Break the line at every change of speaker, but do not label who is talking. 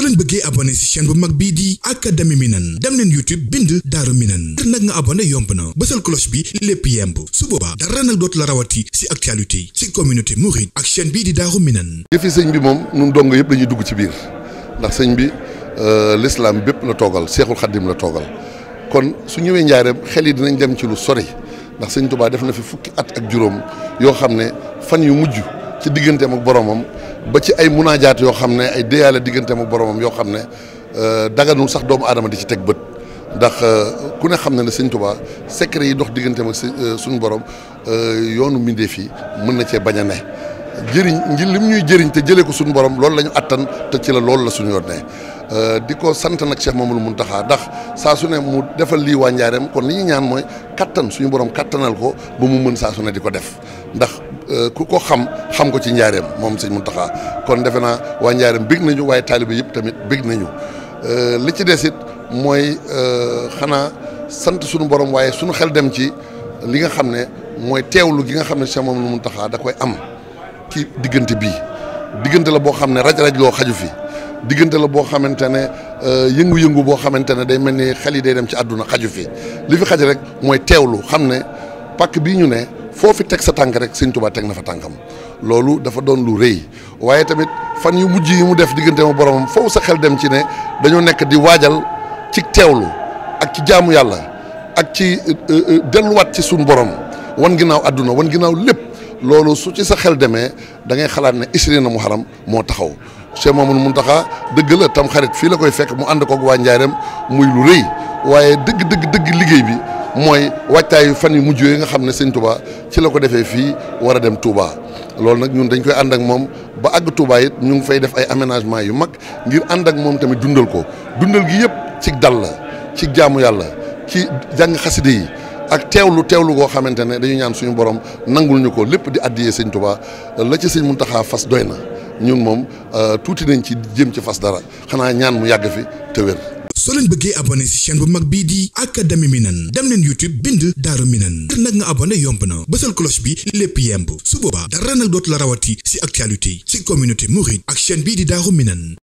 soo bëggee abonné ci chaîne bu mag bii di académie Minane dem leen YouTube bind Daaru Minane ngir nag nga abonné yomb na bësal cloche bi lépp yemb su boobaa dara nag dootu la rawati ci actualité ci communauté mouride ak chaîne bii di Daaru Minane
yëfi sëñ bi moom nun dong yëpp lañuy dugg ci biir ndax sëñ bi euh, l'islam bépp la toogal Seexul Xaddim la toogal kon su ñëwee njaareem xel yi dinañ dem ci lu sori ndax sëñ Tuubaa def na fi fukki at ak juróom yoo xam ne fan yu mujj ci digganteem ak boromam ba ci ay munaajaat yoo xam ne ay déyaale diggante mu boroomam yoo xam ne euh, daganul sax doomu aadama di ci teg bët ndax euh, ku ne xam na ne sëñ Tuubaa yi dox diggante ak euh, suñu borom yoonu mbindéef yi mën na cee bañ a ne jëriñ ngir lim ñuy jëriñ te jëlee ko suñu borom loolu la ñu attan te ci la loolu la suñu yoon ne euh, di ko sant nag Cheikh mun taxaa ndax saa su ne mu defal lii waa Njaareem li ñu ñaan mooy kattan suñu borom kattanal ko ba mu mën saa su ne di ko def ndax euh, ku ko xam xam ko ci Njaareem moom sëñ taxaa kon defe naa waa Njaareem bég nañu waaye taalibe yëpp tamit bég nañu euh, li ci des it mooy xanaa sant suñu borom waaye suñu xel dem ci li nga xam ne mooy teewlu gi nga xam ne moom Cheikh Mamadou Mountakha da koy am. ci diggante bii diggante la boo xam ne raj-raj loo xaju fi diggante la boo xamante ne euh, yëngu-yëngu boo xamante ne day mel ni xel yi day dem ci àdduna xaju fi li fi xaj rek mooy teew lu xam ne pàkk bii ñu ne foo teg sa tànk rek sëñ Tuubaa teg na fa tànkam loolu dafa doon lu rëy waaye tamit fan yu mujj yi mu def diggante ma boromam foofu sa xel dem ci ne dañoo nekk di waajal ci lu ak ci jaamu yàlla ak ci euh, euh, delluwaat ci suñu borom wan ginnaaw àdduna wan ginnaaw lépp loolu su ci sa xel demee da ngay xalaat ne isri na xaram moo taxaw Cheikh Mamadou taxa dëgg la tam xarit fii la koy fekk mu ànd koog waa Njaareem muy lu rëy waaye dëgg dëgg dëgg liggéey bi mooy waajtaayu fan yu mujj yooyu nga xam ne sëñ Touba ci la ko defee fii war a dem Touba loolu nag ñun dañ koy ànd ak moom ba àgg Touba it ñu ngi fay def ay aménagement yu mag ngir ànd ak moom tamit dundal ko dundal gi yëpp cig dal la ci jaamu yàlla ci jàng xaside ak teewlu teewlu goo xamante ne dañu ñaan suñu borom nangul ñu ko lépp di addiyee sëñ Tuubaa la ci sëñ Muntaxa fas doy na ñun moom euh, tuuti nañ ci jëm ci fas dara xanaa ñaan mu yàgg fi te wér.
soo leen bëggee abonné si chaîne bu mag bii di Académie Minane dem leen YouTube bind Daaru Minane ngir nag nga abonné yomb na bësal cloche bi lépp yemb su boobaa dara nag dootu la rawati si actualité si communauté mouride ak chaîne bii di Daaru Minane